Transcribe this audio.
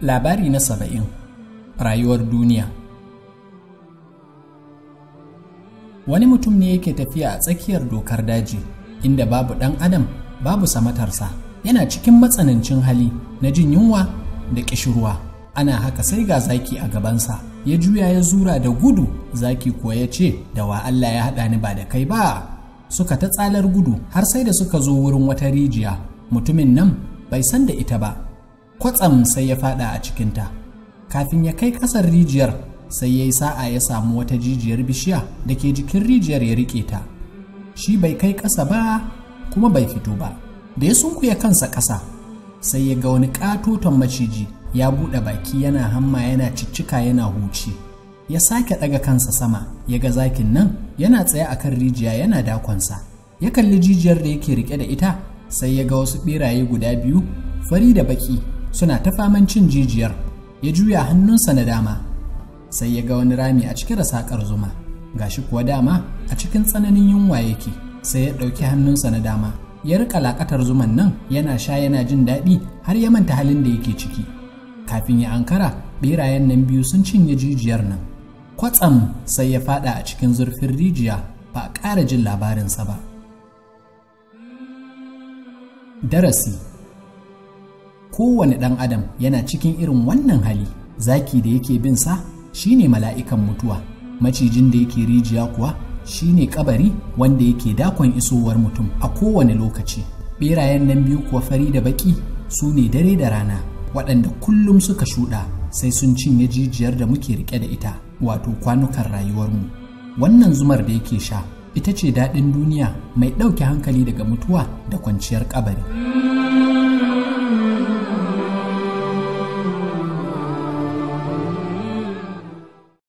Labari na saba'in Rayuwar duniya Wani mutum ne yake tafiya a tsakiyar dokar daji, inda babu ɗan adam babu samatarsa, yana cikin matsanancin hali na jin yunwa da ƙishirwa. ana haka sai ga zaki a gabansa ya juya ya zura da gudu zaki kuwa ya ce da wa Allah ya haɗa ni ba da kai ba suka ta tsalar gudu har sai da suka zo wurin wata rijiya mutumin nan bai san da ita ba kwatsam sai ya faɗa a cikinta kafin ya kai ƙasar rijiyar sai ya yi sa'a ya samu wata jijiyar bishiya da ke jikin rijiyar ya riƙe ta shi bai kai ƙasa ba kuma bai fito ba da ya sunkuya kansa ƙasa sai ya ga wani ƙatoton maciji ya buɗe baki yana hamma yana ciccika yana huci ya sake ɗaga kansa sama ya ga zakin nan yana tsaye a kan rijiya yana dakonsa ya kalli jijiyar da yake riƙe da ita sai ya ga wasu ɓeraye guda biyu fari da baƙi suna ta faman cin jijiyar ya juya hannunsa na dama sai ya ga wani rami a da rasakar zuma Ga shi kuwa dama a cikin tsananin yunwa yake sai ya ɗauki hannunsa na dama ya riƙa lakatar zuman nan yana sha yana jin daɗi har ya manta halin da yake ciki kafin ya ankara berayen nan biyu sun cinye jijiyar nan kwatsam sai ya fada a cikin zurfin rijiya ba a ƙara jin labarinsa ba darasi kowane ɗan adam yana cikin irin wannan hali zaki da yake bin sa shine mala'ikan mutuwa macijin da yake rijiya kuwa shine kabari wanda yake dakon isowar mutum a kowane lokaci berayen nan biyu kuwa fari da baki su ne dare da rana waɗanda kullum suka shuɗa sai sun cinye jijiyar da muke riƙe da ita wato kwanukan rayuwarmu wannan zumar da yake sha ita ce daɗin duniya mai ɗauke hankali daga mutuwa da kwanciyar ƙabari.